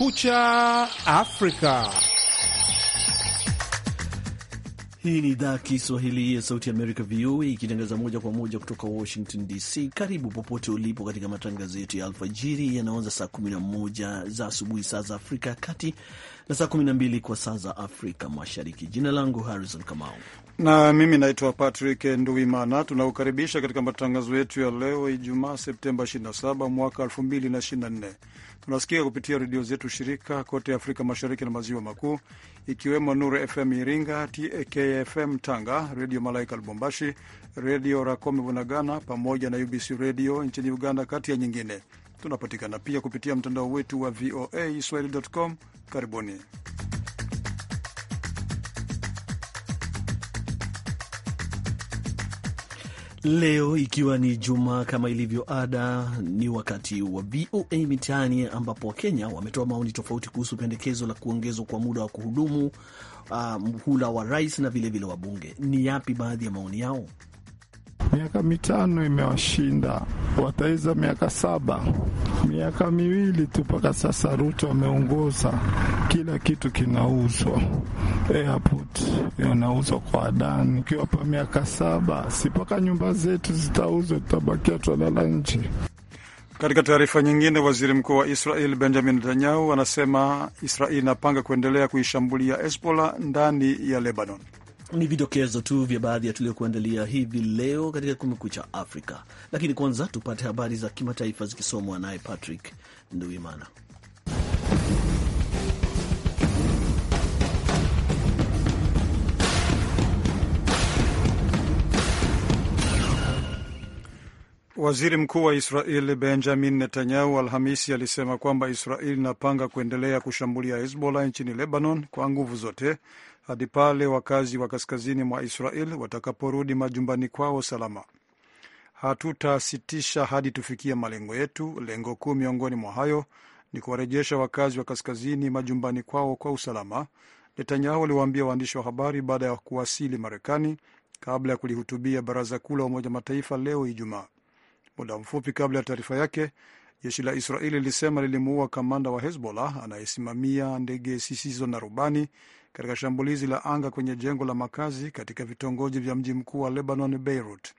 Kumekucha Afrika. Hii ni idhaa ya Kiswahili ya Sauti ya Amerika, VOA, ikitangaza moja kwa moja kutoka Washington DC. Karibu popote ulipo katika matangazo yetu ya alfajiri yanaoanza saa 11 za asubuhi saa za Afrika ya Kati na saa 12 kwa saa za Afrika Mashariki. Jina langu Harrison Kamau na mimi naitwa Patrick nduimana Tunakukaribisha katika matangazo yetu ya leo Ijumaa, Septemba 27 mwaka 2024. Tunasikia kupitia redio zetu shirika kote Afrika Mashariki na Maziwa Makuu, ikiwemo Nuru FM Iringa, TKFM Tanga, Redio Malaika Lubumbashi, Redio Rakome Bunagana pamoja na UBC Redio nchini Uganda, kati ya nyingine. Tunapatikana pia kupitia mtandao wetu wa VOA swahili.com. Karibuni. Leo ikiwa ni Jumaa, kama ilivyo ada, ni wakati wa VOA Mitaani, ambapo Wakenya wametoa maoni tofauti kuhusu pendekezo la kuongezwa kwa muda wa kuhudumu uh, ah, mhula wa rais na vilevile wabunge. Ni yapi baadhi ya maoni yao? miaka mitano imewashinda, wataweza miaka saba, miaka miwili tu mpaka sasa. Ruto ameongoza, kila kitu kinauzwa, airport yanauzwa kwa Adani. Ukiwa pa miaka saba, si mpaka nyumba zetu zitauzwa, tutabakia twalala nje. Katika taarifa nyingine, waziri mkuu wa Israel Benjamin Netanyahu anasema Israel inapanga kuendelea kuishambulia Hezbollah ndani ya Lebanon. Ni vidokezo tu vya baadhi ya tuliokuandalia hivi leo katika Kumekucha Afrika, lakini kwanza tupate habari za kimataifa zikisomwa naye Patrick Nduimana. Waziri mkuu wa Israel Benjamin Netanyahu Alhamisi alisema kwamba Israel inapanga kuendelea kushambulia Hezbollah nchini Lebanon kwa nguvu zote hadi pale wakazi wa kaskazini mwa Israel watakaporudi majumbani kwao salama. Hatutasitisha hadi tufikie malengo yetu. Lengo kuu miongoni mwa hayo ni kuwarejesha wakazi wa kaskazini majumbani kwao kwa usalama, Netanyahu aliwaambia waandishi wa habari baada ya kuwasili Marekani, kabla ya kulihutubia Baraza Kuu la Umoja Mataifa leo Ijumaa. Muda mfupi kabla ya taarifa yake, jeshi la Israeli lilisema lilimuua kamanda wa Hezbollah anayesimamia ndege zisizo na rubani katika shambulizi la anga kwenye jengo la makazi katika vitongoji vya mji mkuu wa Lebanon, Beirut.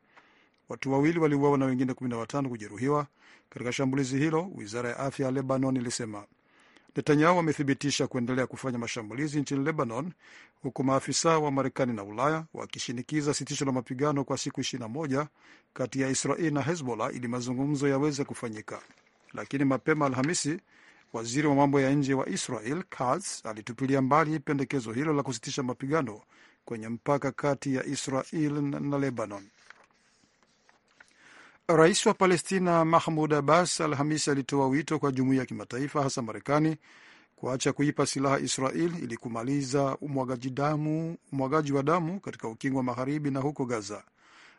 Watu wawili waliuawa na wengine 15 kujeruhiwa katika shambulizi hilo, wizara ya afya ya Lebanon ilisema. Netanyahu amethibitisha kuendelea kufanya mashambulizi nchini Lebanon, huku maafisa wa Marekani na Ulaya wakishinikiza sitisho la mapigano kwa siku 21 kati ya israel na Hezbollah ili mazungumzo yaweze kufanyika. Lakini mapema Alhamisi, Waziri wa mambo ya nje wa Israel Katz alitupilia mbali pendekezo hilo la kusitisha mapigano kwenye mpaka kati ya Israel na Lebanon. Rais wa Palestina Mahmud Abbas Alhamisi alitoa wito kwa jumuiya ya kimataifa, hasa Marekani, kuacha kuipa silaha Israel ili kumaliza umwagaji damu, umwagaji wa damu katika ukingo wa magharibi na huko Gaza.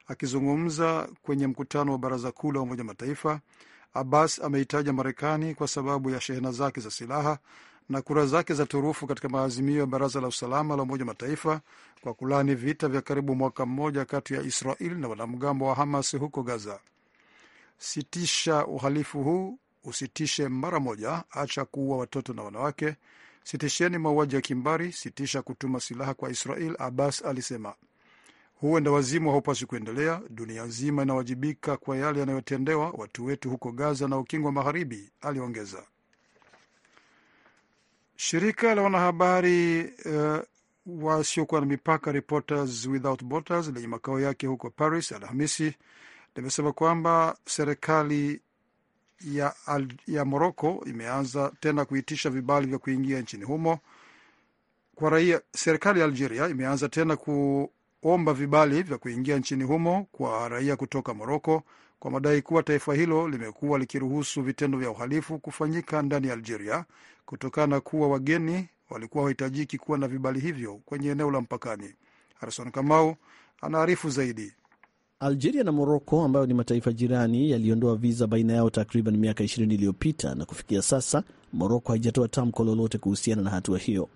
Akizungumza kwenye mkutano wa baraza kuu la Umoja Mataifa, Abbas ameitaja Marekani kwa sababu ya shehena zake za silaha na kura zake za turufu katika maazimio ya Baraza la Usalama la Umoja Mataifa kwa kulani vita vya karibu mwaka mmoja kati ya Israel na wanamgambo wa Hamas huko Gaza. Sitisha uhalifu huu, usitishe mara moja, acha kuua watoto na wanawake, sitisheni mauaji ya kimbari, sitisha kutuma silaha kwa Israel, Abbas alisema. Huenda wazimu haupaswi kuendelea. Dunia nzima inawajibika kwa yale yanayotendewa watu wetu huko Gaza na Ukingo wa Magharibi, aliongeza. Shirika la wanahabari uh, wasiokuwa na mipaka Reporters Without Borders lenye makao yake huko Paris Alhamisi limesema kwamba serikali ya, ya Moroko imeanza tena kuitisha vibali vya kuingia nchini humo kwa raia. Serikali ya Algeria imeanza tena ku omba vibali vya kuingia nchini humo kwa raia kutoka Moroko kwa madai kuwa taifa hilo limekuwa likiruhusu vitendo vya uhalifu kufanyika ndani ya Algeria kutokana na kuwa wageni walikuwa wahitajiki kuwa na vibali hivyo kwenye eneo la mpakani. Harison Kamau anaarifu zaidi. Algeria na Moroko ambayo ni mataifa jirani yaliondoa viza baina yao takriban miaka 20 iliyopita, na kufikia sasa Moroko haijatoa tamko lolote kuhusiana na hatua hiyo.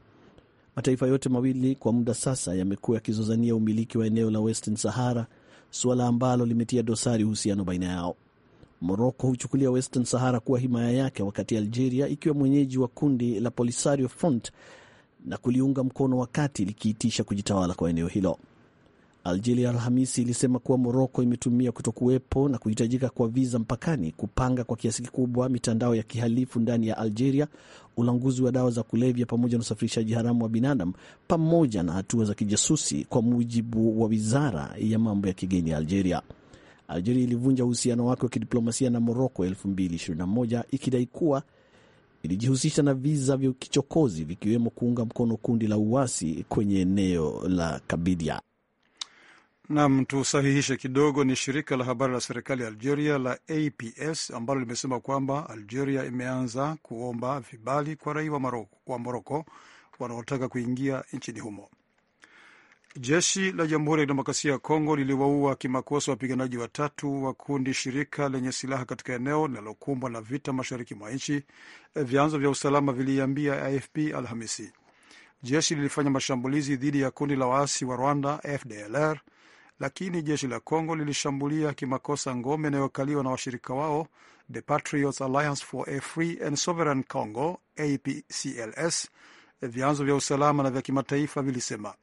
Mataifa yote mawili kwa muda sasa yamekuwa yakizozania umiliki wa eneo la Western Sahara, suala ambalo limetia dosari uhusiano baina yao. Moroko huchukulia Western Sahara kuwa himaya yake, wakati Algeria ikiwa mwenyeji wa kundi la Polisario Front na kuliunga mkono wakati likiitisha kujitawala kwa eneo hilo. Algeria Alhamisi ilisema kuwa Moroko imetumia kutokuwepo na kuhitajika kwa viza mpakani kupanga kwa kiasi kikubwa mitandao ya kihalifu ndani ya Algeria, ulanguzi wa dawa za kulevya, pamoja na usafirishaji haramu wa binadamu, pamoja na hatua za kijasusi, kwa mujibu wa wizara ya mambo ya kigeni ya Algeria. Algeria ilivunja uhusiano wake wa kidiplomasia na Moroko 2021 ikidai kuwa ilijihusisha na visa vya kichokozi vikiwemo kuunga mkono kundi la uasi kwenye eneo la Kabidia. Nam, tusahihishe kidogo, ni shirika la habari la serikali ya Algeria la APS ambalo limesema kwamba Algeria imeanza kuomba vibali kwa raia wa Moroko wanaotaka kuingia nchini humo. Jeshi la Jamhuri ya Kidemokrasia ya Kongo liliwaua kimakosa wapiganaji watatu wa kundi shirika lenye silaha katika eneo linalokumbwa na vita mashariki mwa nchi, eh, vyanzo vya usalama viliiambia AFP Alhamisi. Jeshi lilifanya mashambulizi dhidi ya kundi la waasi wa Rwanda, FDLR, lakini jeshi la congo lilishambulia kimakosa ngome inayokaliwa na washirika wao The Patriots Alliance for a Free and Sovereign Congo, APCLS, vyanzo vya usalama na vya kimataifa vilisema.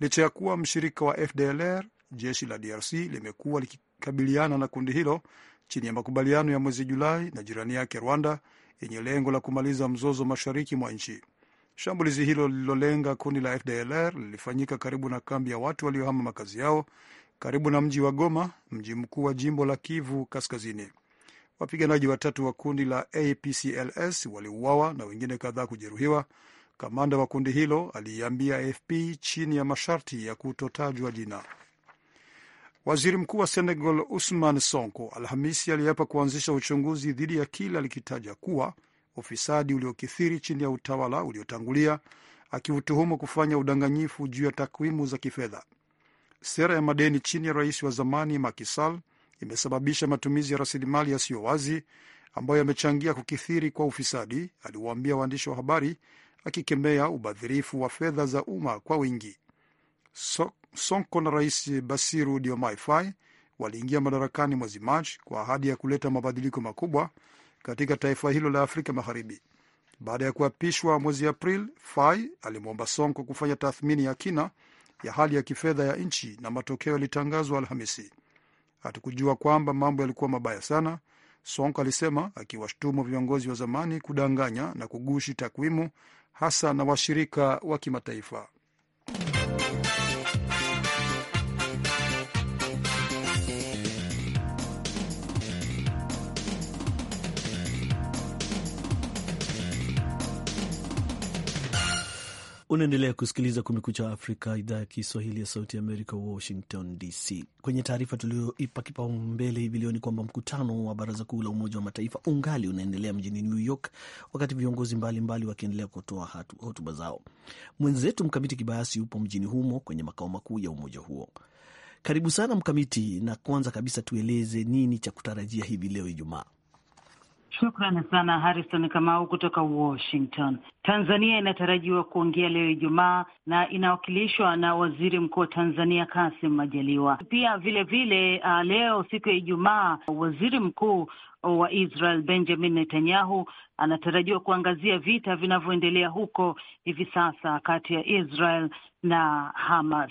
Licha ya kuwa mshirika wa FDLR, jeshi la DRC limekuwa likikabiliana na kundi hilo chini ya makubaliano ya mwezi Julai na jirani yake Rwanda yenye lengo la kumaliza mzozo mashariki mwa nchi. Shambulizi hilo lililolenga kundi la FDLR lilifanyika karibu na kambi ya watu waliohama makazi yao karibu na mji wa Goma, mji mkuu wa jimbo la Kivu Kaskazini. Wapiganaji watatu wa kundi la APCLS waliuawa na wengine kadhaa kujeruhiwa. Kamanda wa kundi hilo aliiambia AFP chini ya masharti ya kutotajwa jina. Waziri mkuu wa Senegal Usman Sonko Alhamisi aliapa kuanzisha uchunguzi dhidi ya kile alikitaja kuwa ufisadi uliokithiri chini ya utawala uliotangulia, akiutuhumu kufanya udanganyifu juu ya takwimu za kifedha. Sera ya madeni chini ya rais wa zamani makisal imesababisha matumizi ya rasilimali yasiyo wazi ambayo yamechangia kukithiri kwa ufisadi, aliwaambia waandishi wa habari, akikemea ubadhirifu wa fedha za umma kwa wingi. So, Sonko na rais Basiru Diomaye Faye waliingia madarakani mwezi Machi kwa ahadi ya kuleta mabadiliko makubwa katika taifa hilo la Afrika Magharibi. Baada ya kuapishwa mwezi Aprili, Fai alimwomba Sonko kufanya tathmini ya kina ya hali ya kifedha ya nchi na matokeo yalitangazwa Alhamisi. Hatukujua kwamba mambo yalikuwa mabaya sana, Sonko alisema, akiwashtumu viongozi wa zamani kudanganya na kugushi takwimu, hasa na washirika wa kimataifa. Unaendelea kusikiliza Kumekucha Afrika, idhaa ya Kiswahili ya Sauti ya Amerika, Washington DC. Kwenye taarifa tulioipa kipaumbele hivi leo ni kwamba mkutano wa Baraza Kuu la Umoja wa Mataifa ungali unaendelea mjini New York, wakati viongozi mbalimbali wakiendelea kutoa hotuba zao. Mwenzetu Mkamiti Kibayasi yupo mjini humo kwenye makao makuu ya umoja huo. Karibu sana Mkamiti, na kwanza kabisa tueleze nini cha kutarajia hivi leo Ijumaa? Shukrani sana Harrison Kamau kutoka Washington. Tanzania inatarajiwa kuongea leo Ijumaa na inawakilishwa na waziri mkuu wa Tanzania Kasim Majaliwa. Pia vilevile vile, uh, leo siku ya Ijumaa waziri mkuu wa Israel Benjamin Netanyahu anatarajiwa kuangazia vita vinavyoendelea huko hivi sasa kati ya Israel na Hamas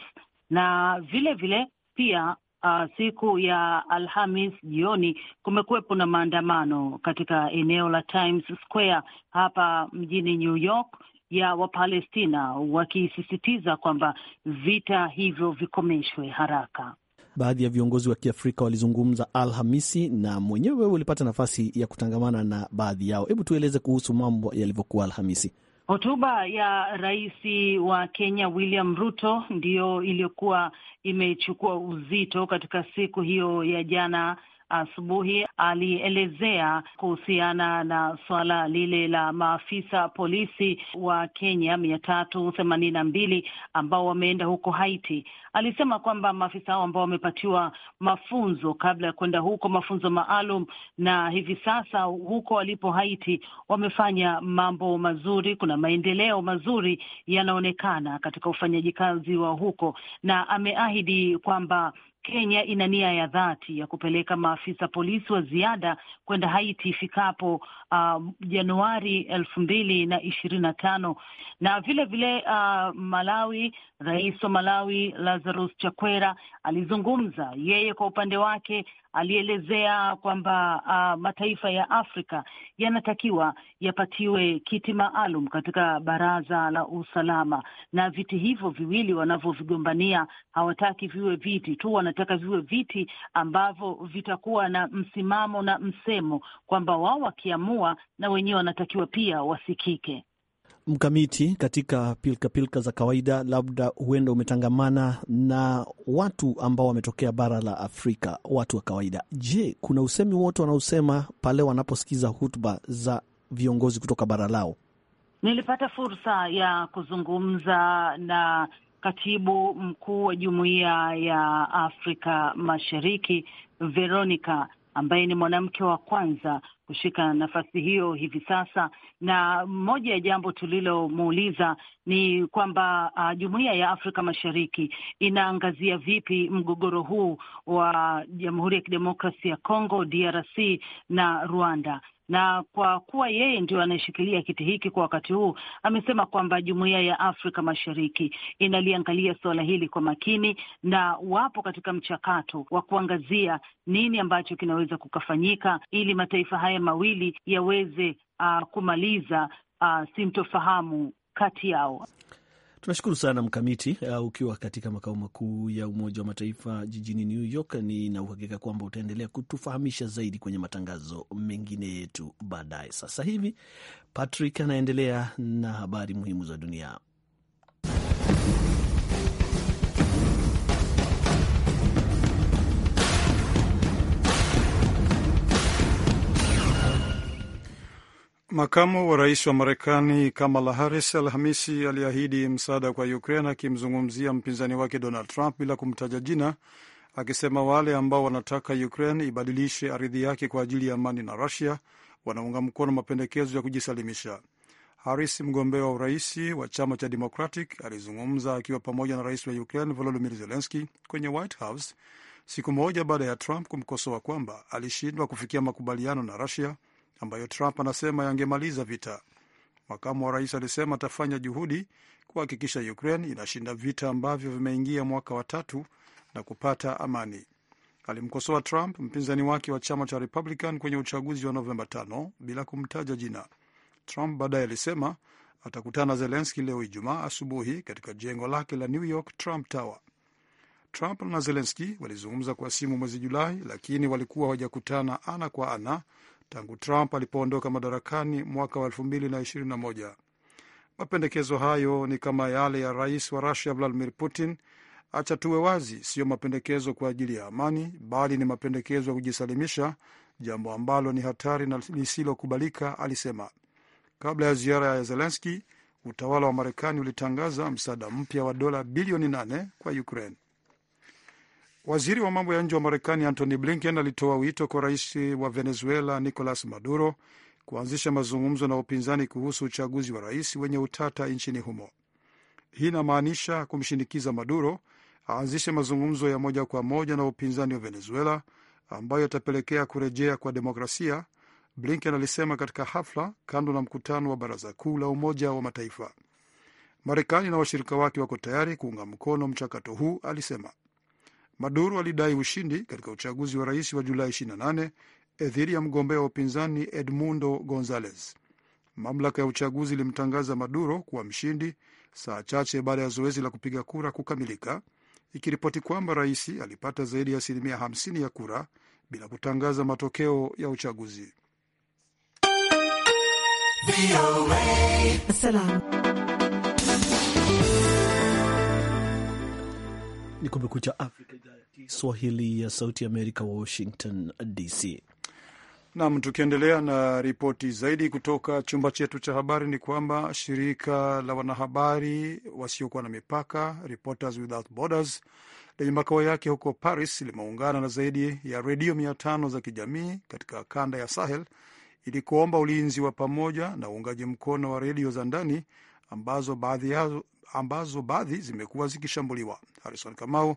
na vilevile vile, pia uh, siku ya Alhamis jioni kumekuwepo na maandamano katika eneo la Times Square hapa mjini New York ya Wapalestina wakisisitiza kwamba vita hivyo vikomeshwe haraka. Baadhi ya viongozi wa Kiafrika walizungumza Alhamisi na mwenyewe ulipata nafasi ya kutangamana na baadhi yao. Hebu tueleze kuhusu mambo yalivyokuwa Alhamisi. Hotuba ya rais wa Kenya William Ruto ndiyo iliyokuwa imechukua uzito katika siku hiyo ya jana asubuhi alielezea kuhusiana na suala lile la maafisa polisi wa Kenya mia tatu themanini na mbili ambao wameenda huko Haiti. Alisema kwamba maafisa hao ambao wamepatiwa mafunzo kabla ya kwenda huko, mafunzo maalum, na hivi sasa huko walipo Haiti wamefanya mambo mazuri. Kuna maendeleo mazuri yanaonekana katika ufanyaji kazi wa huko, na ameahidi kwamba Kenya ina nia ya dhati ya kupeleka maafisa polisi wa ziada kwenda Haiti ifikapo uh, Januari elfu mbili na ishirini na tano na vile vile uh, Malawi, rais wa Malawi Lazarus Chakwera alizungumza yeye kwa upande wake alielezea kwamba uh, mataifa ya Afrika yanatakiwa yapatiwe kiti maalum katika baraza la usalama, na viti hivyo viwili wanavyovigombania hawataki viwe viti tu, wanataka viwe viti ambavyo vitakuwa na msimamo na msemo, kwamba wao wakiamua na wenyewe wanatakiwa pia wasikike. Mkamiti, katika pilkapilka pilka za kawaida, labda huenda umetangamana na watu ambao wametokea bara la Afrika, watu wa kawaida. Je, kuna usemi wote wanaosema pale wanaposikiza hutuba za viongozi kutoka bara lao? Nilipata fursa ya kuzungumza na katibu mkuu wa jumuiya ya Afrika Mashariki Veronica, ambaye ni mwanamke wa kwanza kushika nafasi hiyo hivi sasa, na moja ya jambo tulilomuuliza ni kwamba uh, jumuiya ya Afrika Mashariki inaangazia vipi mgogoro huu wa Jamhuri ya kidemokrasi ya congo DRC na Rwanda na kwa kuwa yeye ndio anayeshikilia kiti hiki kwa wakati huu, amesema kwamba jumuiya ya Afrika Mashariki inaliangalia suala hili kwa makini na wapo katika mchakato wa kuangazia nini ambacho kinaweza kukafanyika ili mataifa haya mawili yaweze uh, kumaliza uh, sintofahamu kati yao. Tunashukuru sana Mkamiti, uh, ukiwa katika makao makuu ya Umoja wa Mataifa jijini New York. Nina uhakika kwamba utaendelea kutufahamisha zaidi kwenye matangazo mengine yetu baadaye. Sasa hivi Patrick anaendelea na habari muhimu za dunia. Makamu wa rais wa Marekani Kamala Harris Alhamisi aliahidi msaada kwa Ukraine, akimzungumzia mpinzani wake Donald Trump bila kumtaja jina, akisema wale ambao wanataka Ukraine ibadilishe ardhi yake kwa ajili ya amani na Rusia wanaunga mkono mapendekezo ya kujisalimisha. Harris, mgombea wa urais wa chama cha Democratic, alizungumza akiwa pamoja na rais wa Ukraine Volodymyr Zelensky kwenye White House siku moja baada ya Trump kumkosoa kwamba alishindwa kufikia makubaliano na Rusia ambayo Trump anasema yangemaliza vita. Makamu wa rais alisema atafanya juhudi kuhakikisha Ukraine inashinda vita ambavyo vimeingia mwaka wa tatu na kupata amani. Alimkosoa Trump, mpinzani wake wa chama cha Republican, kwenye uchaguzi wa Novemba 5 bila kumtaja jina. Trump baadaye alisema atakutana Zelenski leo Ijumaa asubuhi katika jengo lake la New York, Trump Tower. Trump na Zelenski walizungumza kwa simu mwezi Julai, lakini walikuwa hawajakutana ana kwa ana tangu Trump alipoondoka madarakani mwaka wa 221 Mapendekezo hayo ni kama yale ya rais wa Rusia Vladimir Putin: acha tuwe wazi, siyo mapendekezo kwa ajili ya amani, bali ni mapendekezo ya kujisalimisha, jambo ambalo ni hatari na lisilokubalika, alisema. Kabla ya ziara ya Zelenski, utawala wa Marekani ulitangaza msaada mpya wa dola bilioni 8 kwa Ukraine. Waziri wa mambo ya nje wa Marekani Antony Blinken alitoa wito kwa rais wa Venezuela Nicolas Maduro kuanzisha mazungumzo na upinzani kuhusu uchaguzi wa rais wenye utata nchini humo. Hii inamaanisha kumshinikiza Maduro aanzishe mazungumzo ya moja kwa moja na upinzani wa Venezuela ambayo yatapelekea kurejea kwa demokrasia, Blinken alisema katika hafla kando na mkutano wa Baraza Kuu la Umoja wa Mataifa. Marekani na washirika wake wako tayari kuunga mkono mchakato huu, alisema. Maduro alidai ushindi katika uchaguzi wa rais wa Julai 28 eh, dhidi ya mgombea wa upinzani Edmundo Gonzalez. Mamlaka ya uchaguzi ilimtangaza Maduro kuwa mshindi saa chache baada ya zoezi la kupiga kura kukamilika, ikiripoti kwamba rais alipata zaidi ya asilimia 50 ya kura bila kutangaza matokeo ya uchaguzi. Ni Kumekucha Afrika, idhaa ya Kiswahili ya Sauti Amerika, Washington DC. Nam, tukiendelea na ripoti zaidi kutoka chumba chetu cha habari ni kwamba shirika la wanahabari wasiokuwa na mipaka Reporters Without Borders lenye makao yake huko Paris limeungana na zaidi ya redio mia tano za kijamii katika kanda ya Sahel ili kuomba ulinzi wa pamoja na uungaji mkono wa redio za ndani ambazo baadhi, ambazo baadhi zimekuwa zikishambuliwa. Harrison Kamau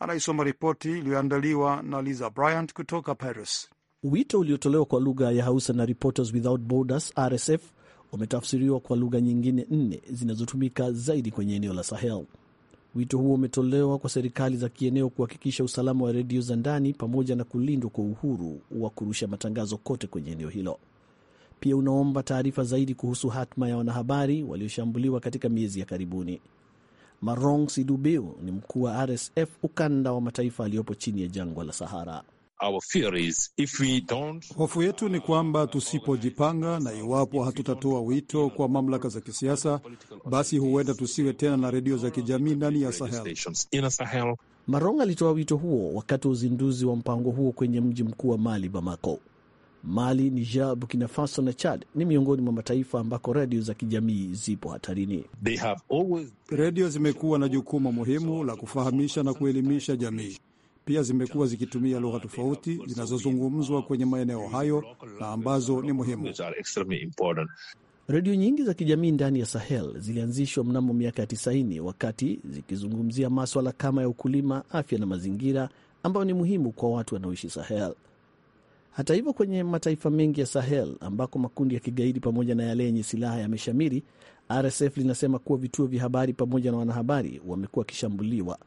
anaisoma ripoti iliyoandaliwa na Lisa Bryant kutoka Paris. Wito uliotolewa kwa lugha ya Hausa na Reporters Without Borders, RSF, umetafsiriwa kwa lugha nyingine nne zinazotumika zaidi kwenye eneo la Sahel. Wito huo umetolewa kwa serikali za kieneo kuhakikisha usalama wa redio za ndani pamoja na kulindwa kwa uhuru wa kurusha matangazo kote kwenye eneo hilo pia unaomba taarifa zaidi kuhusu hatma ya wanahabari walioshambuliwa katika miezi ya karibuni. Marong Sidubiu ni mkuu wa RSF ukanda wa mataifa aliyopo chini ya jangwa la Sahara. Hofu yetu ni kwamba tusipojipanga na iwapo hatutatoa wito kwa mamlaka za kisiasa, basi huenda tusiwe tena na redio za kijamii ndani ya Sahel. Marong alitoa wito huo wakati wa uzinduzi wa mpango huo kwenye mji mkuu wa Mali, Bamako. Mali, Niger, Burkina Faso na Chad ni miongoni mwa mataifa ambako redio za kijamii zipo hatarini. always... redio zimekuwa na jukumu muhimu la kufahamisha na kuelimisha jamii. Pia zimekuwa zikitumia lugha tofauti zinazozungumzwa kwenye maeneo hayo na ambazo ni muhimu. Redio nyingi za kijamii ndani ya Sahel zilianzishwa mnamo miaka ya 90 wakati zikizungumzia maswala kama ya ukulima, afya na mazingira ambayo ni muhimu kwa watu wanaoishi Sahel. Hata hivyo, kwenye mataifa mengi ya Sahel ambako makundi ya kigaidi pamoja na yale yenye silaha yameshamiri, RSF linasema kuwa vituo vya habari pamoja na wanahabari wamekuwa wakishambuliwa.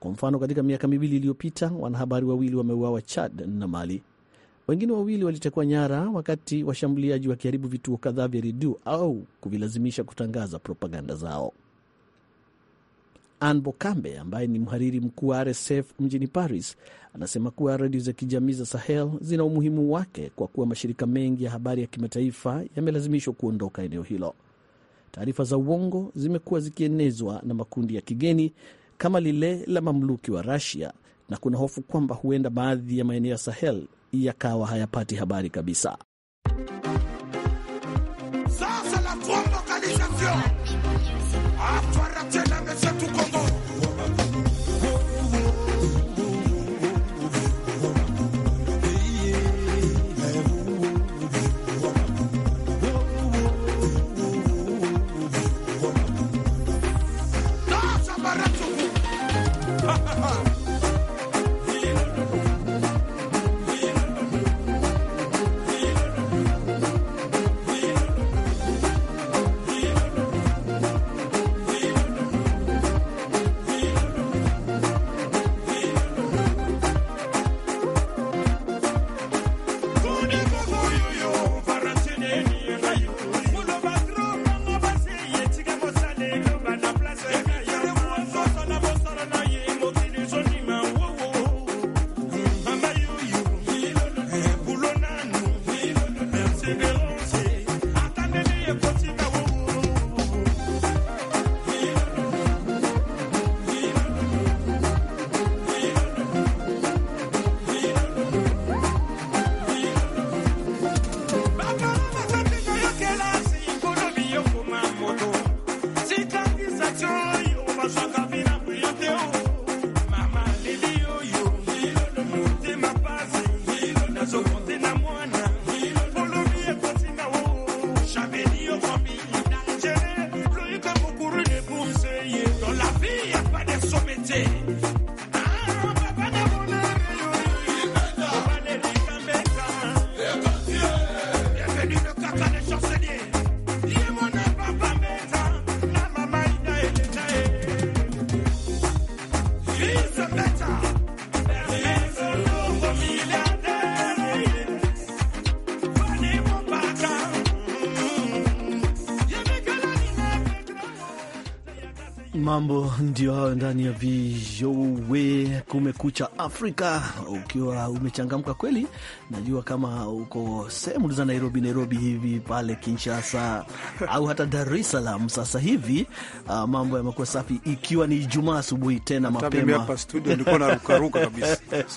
Kwa mfano, katika miaka miwili iliyopita wanahabari wawili wameuawa Chad na Mali. Wengine wawili walitekwa nyara wakati washambuliaji wakiharibu vituo kadhaa vya redio au kuvilazimisha kutangaza propaganda zao. Anne Bokambe ambaye ni mhariri mkuu wa RSF mjini Paris anasema kuwa redio za kijamii za Sahel zina umuhimu wake kwa kuwa mashirika mengi ya habari ya kimataifa yamelazimishwa kuondoka eneo hilo. Taarifa za uongo zimekuwa zikienezwa na makundi ya kigeni kama lile la mamluki wa rasia na kuna hofu kwamba huenda baadhi ya maeneo ya Sahel yakawa hayapati habari kabisa. Sasa la mambo ndio hayo ndani ya VOA Kumekucha Afrika. Ukiwa umechangamka kweli, najua kama uko sehemu za Nairobi, Nairobi hivi pale Kinshasa au hata Dar es Salaam sasa hivi. Uh, mambo yamekuwa safi, ikiwa ni Ijumaa asubuhi tena mapema. Hapa studio nilikuwa narukaruka kabisa,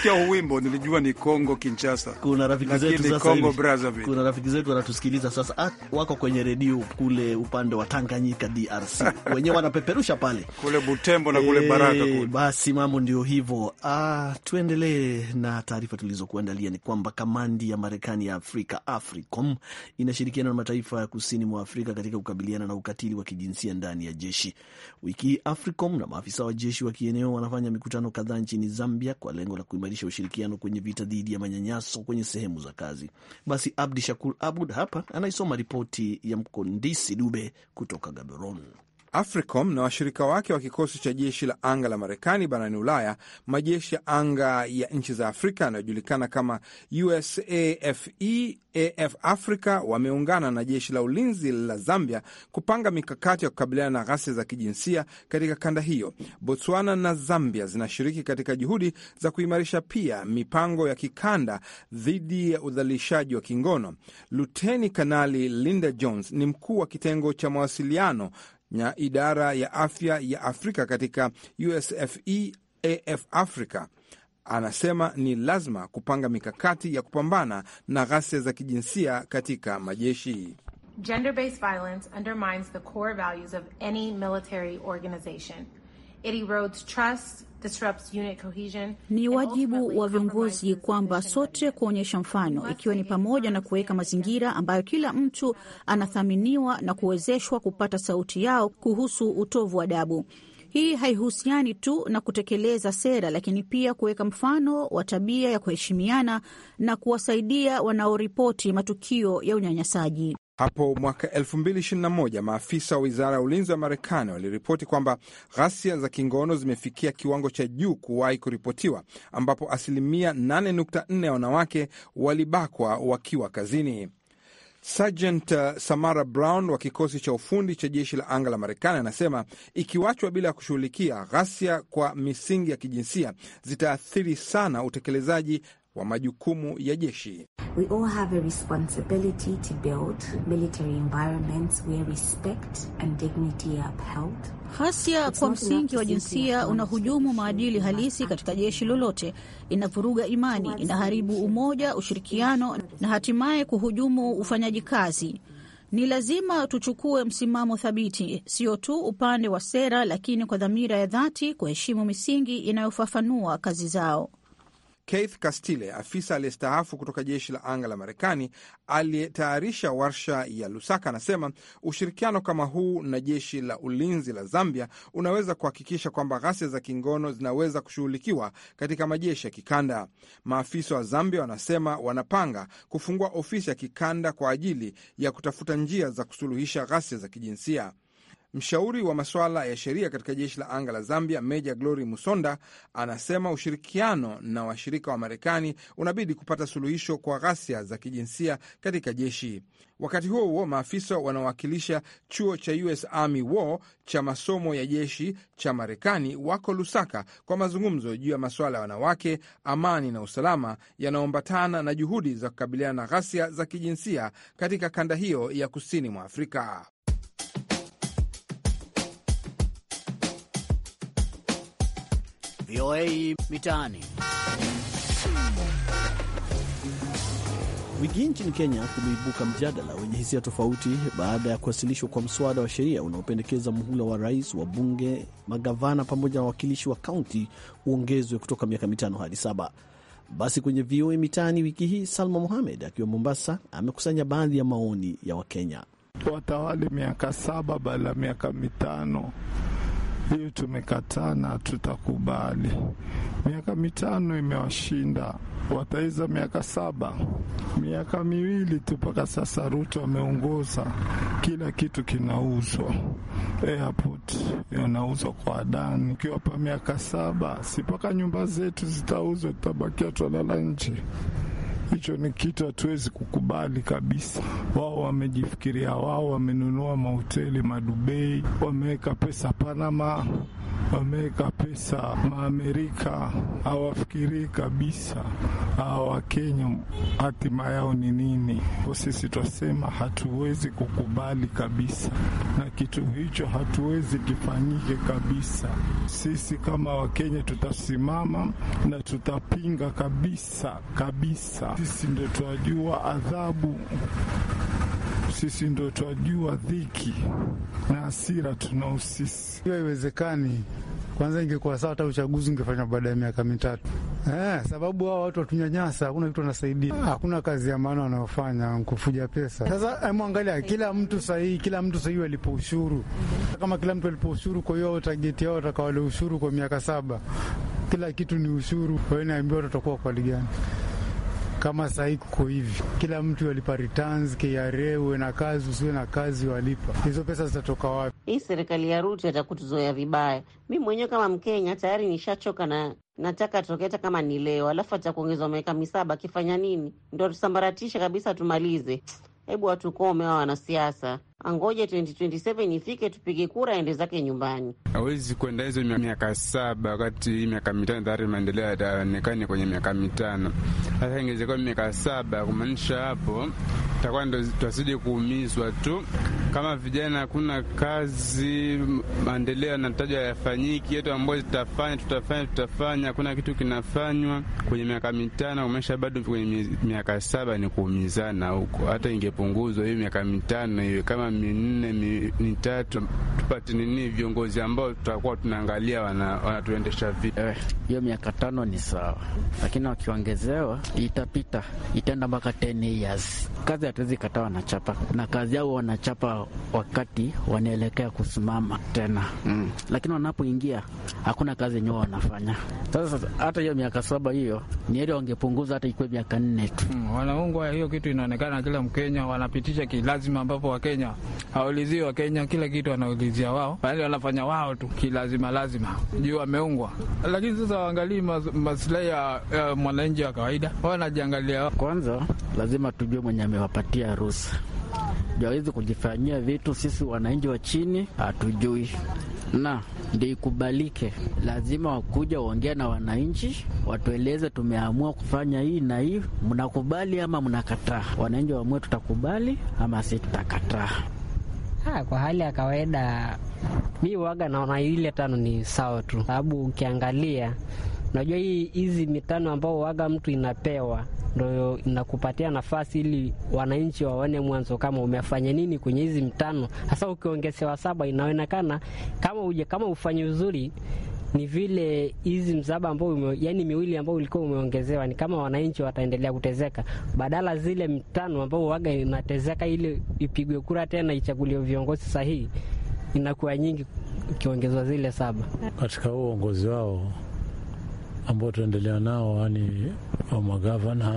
so huu wimbo nilijua ni Kongo Kinshasa. Kuna rafiki zetu sasa kuna rafiki zetu wanatusikiliza sasa, ah, wako kwenye redio kule upande wa Tanganyika, DRC wenyewe wanapeperusha amepeperusha pale kule Butembo na kule eh, Baraka kule. Basi mambo ndio hivyo. Ah, tuendelee na taarifa tulizokuandalia. Ni kwamba kamandi ya Marekani ya Afrika, AFRICOM, inashirikiana na mataifa ya kusini mwa Afrika katika kukabiliana na ukatili wa kijinsia ndani ya jeshi. Wiki hii AFRICOM na maafisa wa jeshi wa kieneo wanafanya mikutano kadhaa nchini Zambia kwa lengo la kuimarisha ushirikiano kwenye vita dhidi ya manyanyaso kwenye sehemu za kazi. Basi Abdi Shakur Abud hapa anaisoma ripoti ya Mkondisi Dube kutoka Gaborone. AFRICOM na washirika wake wa kikosi cha jeshi la anga la Marekani barani Ulaya, majeshi ya anga ya nchi za Afrika yanayojulikana kama USAFE, AF Africa wameungana na jeshi la ulinzi la Zambia kupanga mikakati ya kukabiliana na ghasia za kijinsia katika kanda hiyo. Botswana na Zambia zinashiriki katika juhudi za kuimarisha pia mipango ya kikanda dhidi ya udhalilishaji wa kingono. Luteni Kanali Linda Jones ni mkuu wa kitengo cha mawasiliano na idara ya afya ya Afrika katika USFE AF Africa anasema ni lazima kupanga mikakati ya kupambana na ghasia za kijinsia katika majeshi. Gender-based violence undermines the core values of any military organization. It erodes trust, disrupts unit cohesion. Ni wajibu wa viongozi kwamba sote kuonyesha mfano, ikiwa ni pamoja na kuweka mazingira ambayo kila mtu anathaminiwa na kuwezeshwa kupata sauti yao kuhusu utovu wa adabu. Hii haihusiani tu na kutekeleza sera, lakini pia kuweka mfano wa tabia ya kuheshimiana na kuwasaidia wanaoripoti matukio ya unyanyasaji. Hapo mwaka 2021 maafisa wa wizara ya ulinzi wa Marekani waliripoti kwamba ghasia za kingono zimefikia kiwango cha juu kuwahi kuripotiwa, ambapo asilimia 8.4 ya wanawake walibakwa wakiwa kazini. Sergeant uh, Samara Brown wa kikosi cha ufundi cha jeshi la anga la Marekani anasema ikiwachwa bila ya kushughulikia, ghasia kwa misingi ya kijinsia zitaathiri sana utekelezaji wa majukumu ya jeshi. Hasia kwa msingi wa jinsia unahujumu maadili halisi katika jeshi lolote, inavuruga imani, inaharibu umoja, ushirikiano na hatimaye kuhujumu ufanyaji kazi. Ni lazima tuchukue msimamo thabiti, sio tu upande wa sera, lakini kwa dhamira ya dhati kuheshimu misingi inayofafanua kazi zao. Keith Castile, afisa aliyestaafu kutoka jeshi la anga la Marekani aliyetayarisha warsha ya Lusaka, anasema ushirikiano kama huu na jeshi la ulinzi la Zambia unaweza kuhakikisha kwamba ghasia za kingono zinaweza kushughulikiwa katika majeshi ya kikanda. Maafisa wa Zambia wanasema wanapanga kufungua ofisi ya kikanda kwa ajili ya kutafuta njia za kusuluhisha ghasia za kijinsia. Mshauri wa masuala ya sheria katika jeshi la anga la Zambia, Meja Glory Musonda, anasema ushirikiano na washirika wa Marekani unabidi kupata suluhisho kwa ghasia za kijinsia katika jeshi. Wakati huo huo, maafisa wanaowakilisha chuo cha US Army War cha masomo ya jeshi cha Marekani wako Lusaka kwa mazungumzo juu ya masuala ya wanawake, amani na usalama yanayoambatana na juhudi za kukabiliana na ghasia za kijinsia katika kanda hiyo ya kusini mwa Afrika. VOA Mitaani. Wiki hii nchini Kenya kumeibuka mjadala wenye hisia tofauti baada ya kuwasilishwa kwa mswada wa sheria unaopendekeza muhula wa rais wa bunge, magavana pamoja na wawakilishi wa kaunti uongezwe kutoka miaka mitano hadi saba. Basi kwenye VOA Mitaani wiki hii, Salma Mohamed akiwa Mombasa amekusanya baadhi ya maoni ya Wakenya. Watawali miaka saba badala ya miaka mitano hiyo tumekataa na tutakubali. Miaka mitano imewashinda, wataiza miaka saba, miaka miwili tu mpaka sasa. Ruto ameongoza, kila kitu kinauzwa, airport inauzwa kwa dani. Ukiwa pa miaka saba, si mpaka nyumba zetu zitauzwa, tutabakia tunalala nje. Hicho ni kitu hatuwezi kukubali kabisa. Wao wamejifikiria wao, wamenunua mahoteli Madubei, wameweka pesa Panama, wameweka pesa Maamerika hawafikirii kabisa Wakenya hatima yao ni nini. Kwa sisi twasema hatuwezi kukubali kabisa, na kitu hicho hatuwezi kifanyike kabisa. Sisi kama Wakenya tutasimama na tutapinga kabisa kabisa. Sisi ndo twajua adhabu sisi ndo twajua dhiki na hasira tunao sisi. Hiyo haiwezekani. Kwanza ingekuwa sawa, hata uchaguzi ungefanywa baada ya miaka mitatu. Eh, sababu hao watu watunyanyasa, hakuna kitu wanasaidia, ah, hakuna kazi ya maana wanayofanya, kufuja pesa. Sasa hebu angalia, kila mtu sahihi, kila mtu sahihi walipo ushuru. Kama kila mtu alipo ushuru, kwa hiyo tageti yao wataka ushuru kwa miaka saba, kila kitu ni ushuru. Kwa hiyo naambiwa tutakuwa kwa hali gani? kama sahi kuko hivi, kila mtu alipa returns, KRA, uwe na kazi usiwe na kazi walipa. Hizo pesa zitatoka wapi? Hii serikali ya Ruto atakutuzoea vibaya. Mi mwenyewe kama Mkenya tayari nishachoka na nataka atoke hata kama ni leo, alafu atakuongezwa miaka misaba, akifanya nini? Ndo tusambaratishe kabisa, tumalize hebu watukome umewa wanasiasa, angoje 2027 ifike, tupige kura, ende zake nyumbani. Hawezi kwenda hizo miaka saba, wakati hii miaka mitano tayari maendeleo yataonekani kwenye miaka mitano. Sasa ingezekuwa miaka saba, kumaanisha hapo takuwa ndo twazidi kuumizwa tu kama vijana hakuna kazi, maendeleo yanatajwa yafanyiki, yetu ambayo tutafanya tutafanya tutafanya, hakuna kitu kinafanywa. Kwenye miaka mitano umesha, bado kwenye miaka saba ni kuumizana huko. Hata ingepunguzwa hiyo miaka mitano iwe kama minne mitatu, tupate nini viongozi ambao tutakuwa tunaangalia wanatuendesha wana vipi? Eh, hiyo miaka tano ni sawa, lakini wakiongezewa itapita, itaenda mpaka ten years. Kazi hatuwezi kataa, wanachapa na kazi yao wanachapa wakati wanaelekea kusimama tena mm. Lakini wanapoingia hakuna kazi yenye wao wanafanya. Sasa hata hiyo miaka saba hiyo ni ile wangepunguza hata ikuwe miaka nne tu mm. Wanaungwa hiyo kitu inaonekana, kila Mkenya wanapitisha kilazima, ambapo Wakenya hawaulizii Wakenya, kila kitu wanaulizia wao, bali yaani wanafanya wao tu kilazima lazima juu wameungwa. Lakini sasa waangalii masilahi ya uh, mwananchi wa kawaida, wanajiangalia kwanza. Lazima tujue mwenye amewapatia ruhusa hatujawezi kujifanyia vitu. Sisi wananchi wa chini hatujui, na ndio ikubalike, lazima wakuja waongea na wananchi, watueleze tumeamua kufanya hii na hii, mnakubali ama mnakataa. Wananchi waamue tutakubali ama si tutakataa. Ha, kwa hali ya kawaida mi waga naona ile tano ni sawa tu, sababu ukiangalia Unajua hii hizi mitano ambao waga mtu inapewa ndio inakupatia nafasi ili wananchi waone mwanzo kama umefanya nini kwenye hizi mitano. Hasa ukiongezewa saba, inaonekana kama uje kama ufanye uzuri ni vile hizi msaba ambao ume, yani miwili ambao ulikuwa umeongezewa, ni kama wananchi wataendelea kutezeka, badala zile mitano ambao waga inatezeka ili ipigwe kura tena ichaguliwe viongozi sahihi, inakuwa nyingi ukiongezwa zile saba katika uongozi wao ambao tunaendelea nao yani magavana,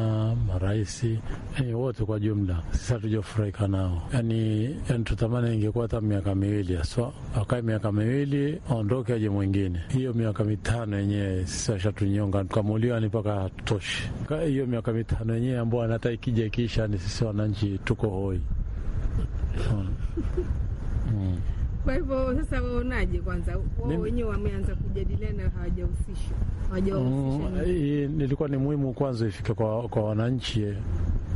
maraisi, yani eh, wote kwa jumla, sisi hatujafurahika nao yani, yani tutamani ingekuwa hata miaka miwili haswa, akae miaka miwili aondoke, aje mwingine. Hiyo miaka mitano yenyewe sisi washatunyonga, tukamuliwa ni mpaka hatutoshi. Hiyo miaka mitano yenyewe ambao hata ikija ikiisha, ni sisi wananchi tuko hoi. Hmm. Kwa hivyo sasa, waonaje? Kwanza wao wenyewe wameanza kujadiliana, hawajahusishwa Mm, Nilikuwa ni muhimu kwanza ifike kwa, kwa wananchi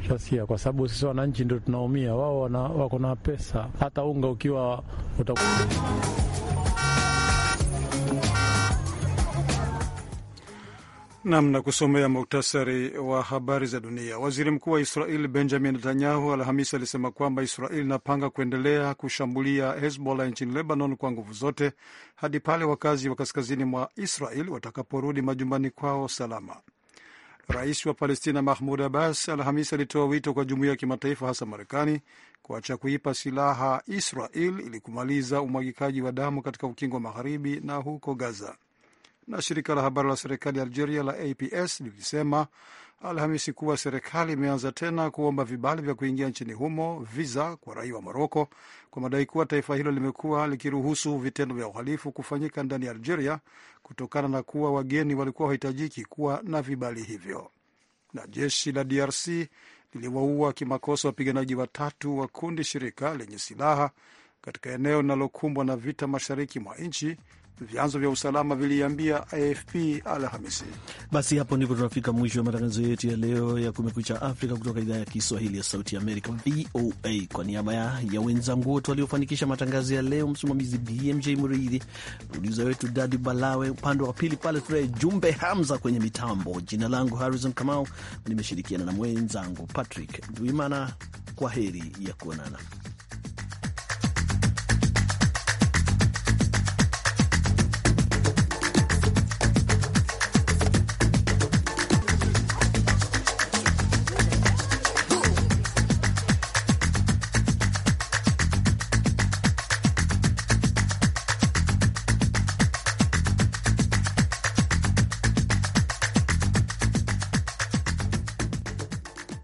shasia, eh, kwa sababu sisi wananchi ndio tunaumia, wao wako na pesa, hata unga ukiwa utakuwa Namna kusomea muktasari wa habari za dunia. Waziri mkuu wa Israel Benjamin Netanyahu Alhamisi alisema kwamba Israel inapanga kuendelea kushambulia Hezbollah nchini Lebanon kwa nguvu zote hadi pale wakazi wa kaskazini mwa Israel watakaporudi majumbani kwao salama. Rais wa Palestina Mahmud Abbas Alhamisi alitoa wito kwa jumuiya ya kimataifa, hasa Marekani, kuacha kuipa silaha Israel ili kumaliza umwagikaji wa damu katika ukingo wa magharibi na huko Gaza na shirika la habari la serikali ya Algeria la APS lilisema Alhamisi kuwa serikali imeanza tena kuomba vibali vya kuingia nchini humo, visa, kwa raia wa Moroko kwa madai kuwa taifa hilo limekuwa likiruhusu vitendo vya uhalifu kufanyika ndani ya Algeria kutokana na kuwa wageni walikuwa wahitajiki kuwa na vibali hivyo. Na jeshi la DRC liliwaua kimakosa wapiganaji watatu wa kundi shirika lenye silaha katika eneo linalokumbwa na vita mashariki mwa nchi vyanzo vya usalama viliambia AFP Alhamisi. Basi hapo ndipo tunafika mwisho wa matangazo yetu ya leo ya Kumekucha Afrika kutoka idhaa ya Kiswahili ya Sauti ya Amerika, VOA. Kwa niaba ya, ya wenzangu wote waliofanikisha matangazo ya leo, msimamizi BMJ Mridhi, produsa wetu Dadi Balawe, upande wa pili pale tunaye Jumbe Hamza kwenye mitambo. Jina langu Harrison Kamau, nimeshirikiana na mwenzangu Patrick Duimana. Kwa heri ya kuonana.